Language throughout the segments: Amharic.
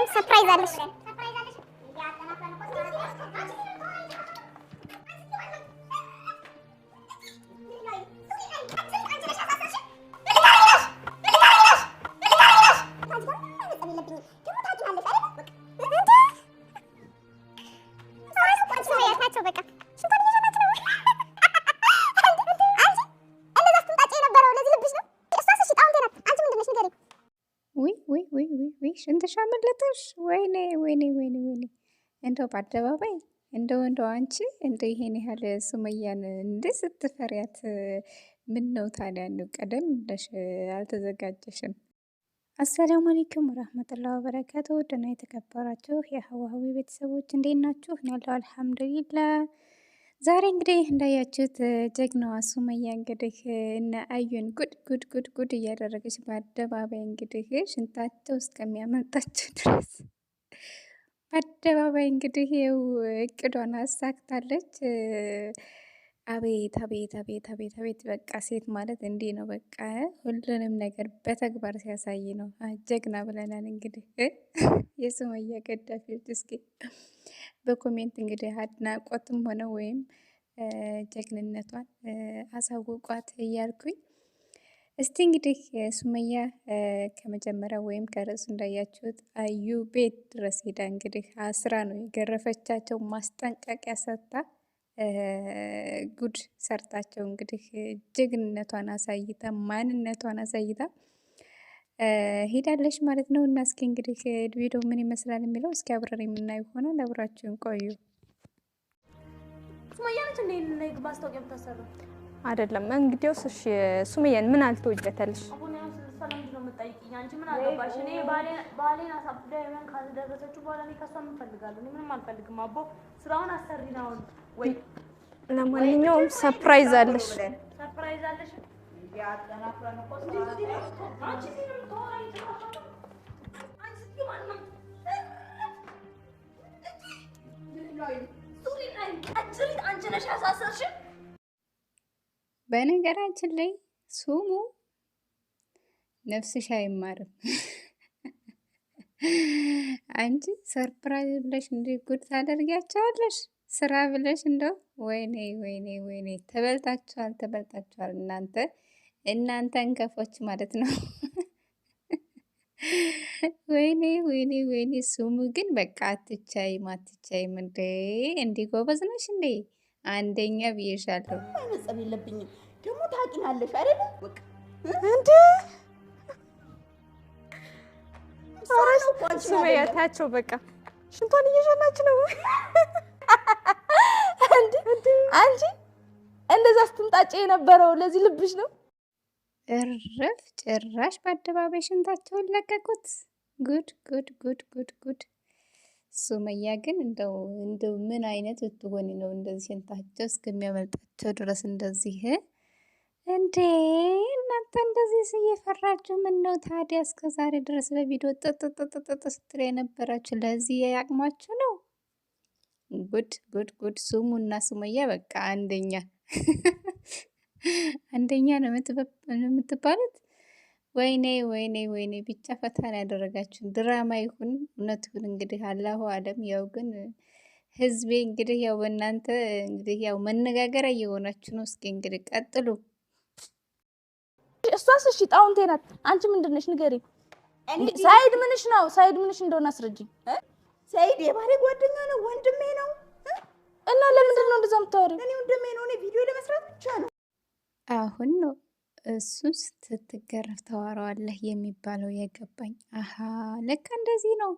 on surprise almış. Thank you. ልተሽ? ወይኔ ወይኔ ወይኔ ወይኔ እንደው በአደባባይ እንደው እንደው አንቺ እንደው ይሄን ያህል ሱመያን እንዴ ስትፈሪያት ምን ነው ታዲያ? ነው ቀደም ብለሽ አልተዘጋጀሽም? አሰላሙ አለይኩም ወራህመቱላሂ ወበረካቱ። ውድና የተከበራችሁ የሀዋሀዊ ቤተሰቦች እንዴት ናችሁ? ያለው አልሐምዱሊላህ ዛሬ እንግዲህ እንዳያችሁት ጀግናዋ ሱመያ እንግዲህ እነ አዩን ጉድ ጉድ ጉድ ጉድ እያደረገች በአደባባይ እንግዲህ ሽንታቸው እስከሚያመልጣቸው ድረስ በአደባባይ እንግዲህ ይኸው እቅዷን አሳክታለች። አቤት አቤት አቤት አቤት አቤት በቃ ሴት ማለት እንዲህ ነው። በቃ ሁሉንም ነገር በተግባር ሲያሳይ ነው ጀግና ብለናል። እንግዲህ የሱመያ ገዳፊዎች እስኪ በኮሜንት እንግዲህ አድናቆትም ሆነ ወይም ጀግንነቷን አሳውቋት እያልኩኝ እስቲ እንግዲህ ሱመያ ከመጀመሪያ ወይም ከርዕሱ እንዳያችሁት አዩ ቤት ድረስ ሄዳ እንግዲህ አስራ ነው የገረፈቻቸው ማስጠንቀቂያ ሰጥታ ጉድ ሰርታቸው እንግዲህ ጀግንነቷን አሳይታ ማንነቷን አሳይታ ሄዳለች ማለት ነው። እና እስኪ እንግዲህ ቪዲዮ ምን ይመስላል የሚለው እስኪ አብረን የምናየው ይሆናል። አብራችሁን ቆዩ። ማስታወቂያ ምታሰራ አይደለም እንግዲያውስ። እሺ ሱመያን ምን አልተወጀተልሽ? ለምንድን ነው የምትጠይቂኝ? አንቺ ምን አገባሽ? እኔ ባሌን አሳብዳ የሆነ ካደረሰችው በኋላ እኔ ከእሷ ምን እኔ ምንም አልፈልግም። አቦ ስራውን አሰሪ ነው ወይ? ለማንኛውም ሰርፕራይዝ አለሽ፣ ሰርፕራይዝ አለሽ። በነገራችን ላይ ሱሙ ነፍስሽ አይማርም። አንቺ ሰርፕራይዝ ብለሽ እንዲ ጉድ ታደርጊያቸዋለሽ። ስራ ብለሽ እንደው ወይኔ ወይኔ ወይኔ፣ ተበልጣችኋል፣ ተበልጣችኋል እናንተ እናንተ እንከፎች ማለት ነው። ወይኔ ወይኔ ወይኔ። ስሙ ግን በቃ አትቻይም፣ አትቻይም እንዴ! እንዲህ ጎበዝ ነሽ እንዴ! አንደኛ ብዬሻለሁ። መጸብ የለብኝም ደግሞ ታቂናለሽ አይደለ እንዴ ሱመያ ታያቸው በቃ ሽንቷን እየሸናች ነው። አንቺ እንደዛ ስትንጣጭ የነበረው ለዚህ ልብሽ ነው። እርፍ! ጭራሽ በአደባባይ ሽንታቸውን ለቀቁት። ጉድ ጉድ ጉድ ጉድ ጉድ። ሱመያ ግን እንደው እንደው ምን አይነት ብትሆን ነው እንደዚህ ሽንታቸው እስከሚያመልጣቸው ድረስ እንደዚህ እንዴ እናንተ እንደዚህ እየፈራችሁ ምን ነው ታዲያ? እስከ ዛሬ ድረስ በቪዲዮ ጥጥጥጥጥ ስትል የነበራችሁ ለዚህ ያቅማችሁ ነው። ጉድ ጉድ ጉድ! ስሙ እና ስሙያ በቃ አንደኛ አንደኛ ነው የምትባሉት። ወይኔ ወይኔ ወይኔ! ብቻ ፈታን ያደረጋችሁ ድራማ ይሁን እውነት ይሁን እንግዲህ አላሁ አለም። ያው ግን ህዝቤ እንግዲህ ያው በእናንተ እንግዲህ ያው መነጋገሪያ እየሆናችሁ ነው። እስኪ እንግዲህ ቀጥሉ። እሷስ እሺ ጣውንቴ ናት። አንቺ ምንድን ነሽ ንገሪኝ። ሳይድ ምንሽ ነው? ሳይድ ምንሽ እንደሆነ አስረጅኝ። ሳይድ የባሌ ጓደኛ ነው፣ ወንድሜ ነው። እና ለምንድን ነው እንደዛ የምታወሪው? እኔ ወንድሜ ነው፣ እኔ ቪዲዮ ለመስራት ብቻ ነው። አሁን ነው እሱን ስትትገረፍ ታወራዋለህ የሚባለው የገባኝ። አሀ ለካ እንደዚህ ነው።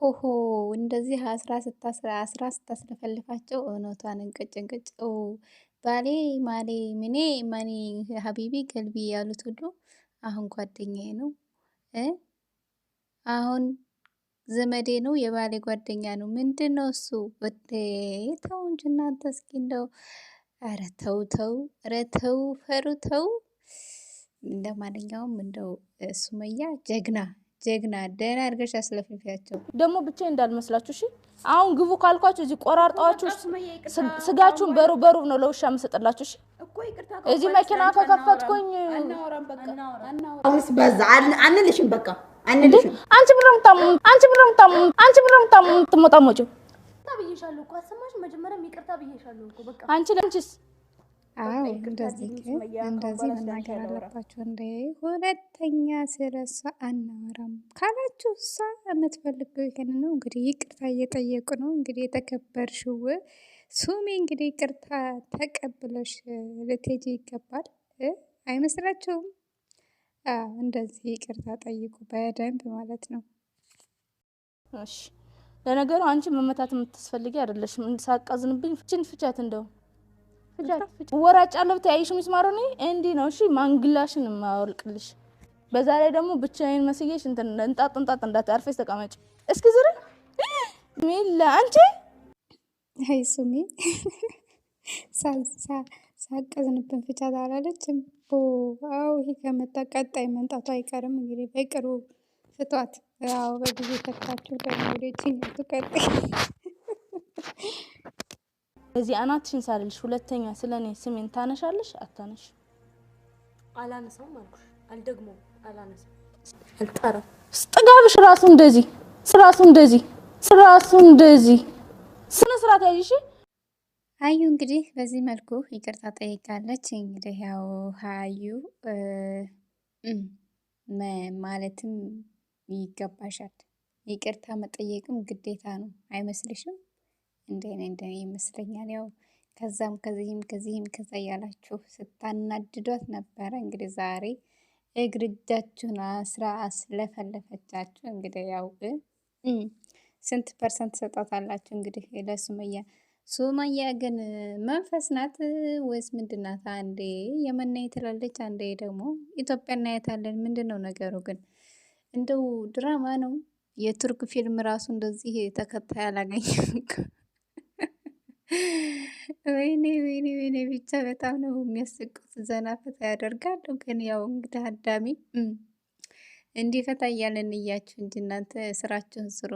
ሆሆ እንደዚህ አስራ ስታስለፈልፋቸው እውነቷን እንቅጭ እንቅጭ ባሌ ማሌ ምኔ ማኔ ሀቢቢ ገልቢ ያሉት ሁሉ አሁን ጓደኛዬ ነው። አሁን ዘመዴ ነው። የባሌ ጓደኛ ነው። ምንድን ነው እሱ? ወደ ተው እንጂ እናንተ እስኪ እንደው ኧረ ተው ተው ኧረ ተው ፈሩ ተው። እንደ እንደው ሱመያ ጀግና ጀግና ደህና አድርገሽ አስለፍፊያቸው። ደግሞ ብቻ እንዳልመስላችሁ እሺ። አሁን ግቡ ካልኳችሁ እዚህ ቆራርጣችሁ ስጋችሁን በሩብ በሩብ ነው ለውሻ የምሰጥላችሁ። እሺ እዚህ መኪና ከከፈትኩኝ አንልሽም። በቃ አንቺ ብር ታሙ አንቺ ብር ታሙ አንቺ ብር ምታሙ ትሞጣሞጭ አንቺ አንቺስ አዎ እንደዚህ እንደዚህ መናገር አለባችሁ። ሁለተኛ ስለሷ አናወራም ካላችሁ እሷ የምትፈልገው ይሄን ነው። እንግዲህ ይቅርታ እየጠየቁ ነው። እንግዲህ የተከበርሽው ሱሚ እንግዲህ ይቅርታ ተቀብለሽ ልትሄጂ ይገባል። አይመስላችሁም? እንደዚህ ይቅርታ ጠይቁ በደንብ ማለት ነው። እሺ ለነገሩ አንቺ መመታት የምትስፈልጊ አይደለሽም። ሳቃዝንብኝ ፍችን ፍቻት እንደው ወራጭ አለብት ያይሽ ሚስማሩ እንዲ ነው። እሺ ማንግላሽን ማወልቅልሽ። በዛ ላይ ደግሞ ብቻዬን መስዬሽ እንትን እንጣጥ እንጣጥ እንዳታርፈሽ ተቀመጭ። እስኪ ዝር ሚላ አንቺ አይ ሱሚ ሳልሳ ሳቀዝንብን ታላለች ታላለችም። አው ይሄ ከመጣ ቀጣይ መምጣቱ አይቀርም። እንግዲህ በቅርቡ ፍቷት። አዎ በጊዜ ፈታችሁ ደግሞ ወደ ቀጣይ በዚህ አናትሽን ሳልልሽ ሁለተኛ ስለ እኔ ስሜን ታነሻለሽ? አታነሽ። አላነሳም አልኩሽ። አልደግሞ አላነሳም። አልጠራም። ስጥጋብሽ ራሱ እንደዚህ ስራሱ እንደዚህ ስራሱ እንደዚህ ስነ ስርዓት ያይሽ። አዩ እንግዲህ በዚህ መልኩ ይቅርታ ጠይቃለች። እንግዲህ ያው ሀዩ ማለትም ይገባሻል። ይቅርታ መጠየቅም ግዴታ ነው አይመስልሽም? እንደኔ እንደኔ ይመስለኛል። ያው ከዛም ከዚህም ከዚህም ከዛ እያላችሁ ስታናድዷት ነበረ። እንግዲህ ዛሬ እግር እጃችሁን አስራ አስለፈለፈቻችሁ። እንግዲህ ያው ስንት ፐርሰንት ሰጣታላችሁ? እንግዲህ ለሱመያ ሱመያ ግን መንፈስ ናት ወይስ ምንድናት? አንዴ የመን ነኝ ትላለች፣ አንዴ ደግሞ ኢትዮጵያ እናያታለን። ምንድን ነው ነገሩ? ግን እንደው ድራማ ነው። የቱርክ ፊልም ራሱ እንደዚህ ተከታይ አላገኘም። ወይኔ ወይኔ ወይኔ ብቻ በጣም ነው የሚያስቁት። ዘና ፈታ ያደርጋሉ። ግን ያው እንግዲህ አዳሚ እንዲህ ፈታ እያለን እያችሁ እንጂ እናንተ ስራችሁን ስሩ።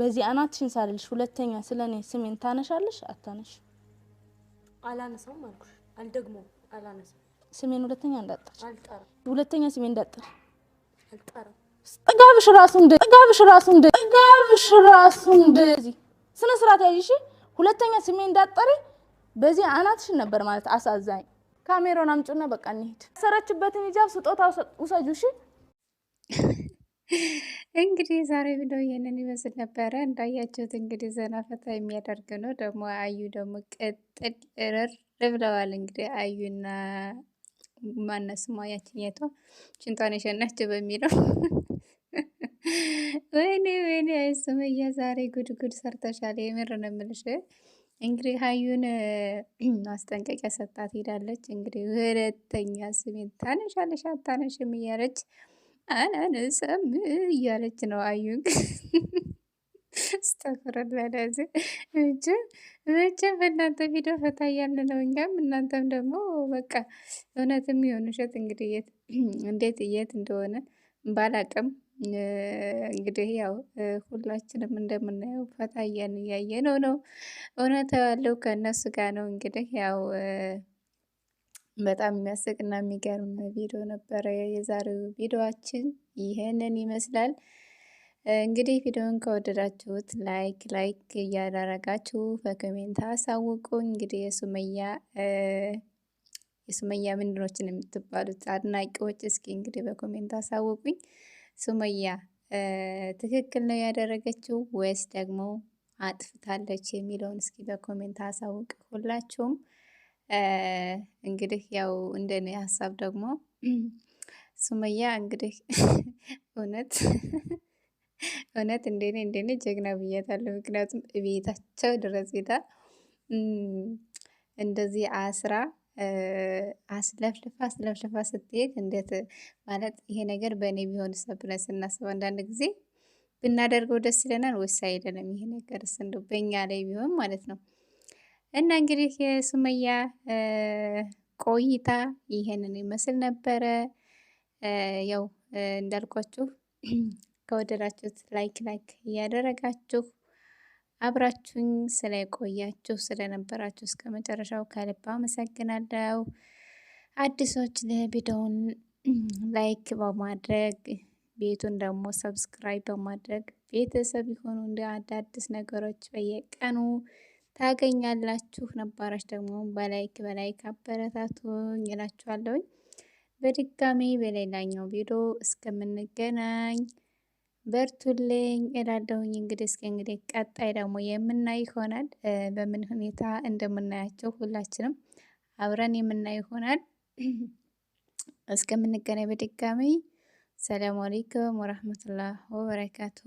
በዚህ አናትሽን ሳልልሽ ሁለተኛ ስለ እኔ ስሜን ታነሻለሽ? አታነሽ። አላነሳም አልኩሽ። አልደግሞ አላነሳ ስሜን ሁለተኛ እንዳጠር ሁለተኛ ስሜን እንዳጠር ጥጋብሽ ራሱ እንደ ጥጋብሽ ራሱ እንደ ጥጋብሽ ራሱ እንደ ስነ ስርዓት ያይሽ ሁለተኛ ስሜ እንዳጠሪ በዚህ አናትሽን ነበር ማለት አሳዛኝ። ካሜራውን አምጪና በቃ እንሂድ። ሰረችበትን ሂጃብ ስጦታ ውሰጁ። እሺ እንግዲህ ዛሬ ቪዲዮ ይህንን ይመስል ነበረ። እንዳያችሁት እንግዲህ ዘና ፈታ የሚያደርግ ነው። ደግሞ አዩ ደግሞ ቅጥል ርር ብለዋል። እንግዲህ አዩና ማነስማ ያችኛቷ የሸናቸው በሚለው ወይኔ ወይኔ ሱመያ ዛሬ ጉድጉድ ሰርተሻል። የምር ነው የምልሽ። እንግዲህ ሀዩን ማስጠንቀቂያ ሰጣት ሄዳለች። እንግዲህ ሁለተኛ ስሜን ታነሻለሽ አታነሽም እያለች አናነሳም እያለች ነው አዩ ስተፍረድ በለዚ እጅ በእናንተ ቪዲዮ ፈታ እያልን ነው። እኛም እናንተም ደግሞ በቃ እውነትም የሆን ውሸት እንግዲህ እንዴት የት እንደሆነ ባላቅም እንግዲህ ያው ሁላችንም እንደምናየው ፈታየን እያየ ነው ነው እውነት ያለው ከእነሱ ጋር ነው። እንግዲህ ያው በጣም የሚያስቅና የሚገርም ቪዲዮ ነበረ። የዛሬው ቪዲዮችን ይህንን ይመስላል። እንግዲህ ቪዲዮን ከወደዳችሁት ላይክ ላይክ እያደረጋችሁ በኮሜንት አሳውቁ። እንግዲህ የሱመያ የሱመያ ምንድኖችን የምትባሉት አድናቂዎች እስኪ እንግዲህ በኮሜንት አሳውቁኝ። ሱመያ ትክክል ነው ያደረገችው ወይስ ደግሞ አጥፍታለች የሚለውን እስኪ በኮሜንት አሳውቅ። ሁላችሁም እንግዲህ ያው እንደኔ ሀሳብ ደግሞ ሱመያ እንግዲህ እውነት እውነት እንደኔ እንደኔ ጀግና ብያታለሁ። ምክንያቱም ቤታቸው ድረስ ሄዳ እንደዚህ አስራ አስለፍልፋ አስለፍልፋ ስትሄድ እንዴት ማለት ይሄ ነገር በእኔ ቢሆንስ ብለን ስናስብ አንዳንድ ጊዜ ብናደርገው ደስ ይለናል ወይስ አይደለም? ይሄ ነገር እንደው በእኛ ላይ ቢሆን ማለት ነው። እና እንግዲህ የሱመያ ቆይታ ይሄንን ይመስል ነበረ። ያው እንዳልኳችሁ ከወደዳችሁት ላይክ ላይክ እያደረጋችሁ አብራችሁኝ ስለቆያችሁ ስለነበራችሁ እስከ መጨረሻው ከልብ አመሰግናለሁ። አዲሶች ለቪዲዮውን ላይክ በማድረግ ቤቱን ደግሞ ሰብስክራይብ በማድረግ ቤተሰብ የሆኑ እንደ አዳዲስ ነገሮች በየቀኑ ታገኛላችሁ። ነባራች ደግሞ በላይክ በላይክ አበረታቱኝ እላችኋለሁኝ። በድጋሜ በሌላኛው ቪዲዮ እስከምንገናኝ በርቱልኝ እላለሁኝ። እንግዲህ እስኪ እንግዲህ ቀጣይ ደግሞ የምናይ ይሆናል። በምን ሁኔታ እንደምናያቸው ሁላችንም አብረን የምናይ ይሆናል። እስከምንገናኝ በድጋሚ ሰላም አሌይኩም ወራህመቱላህ ወበረካቱ።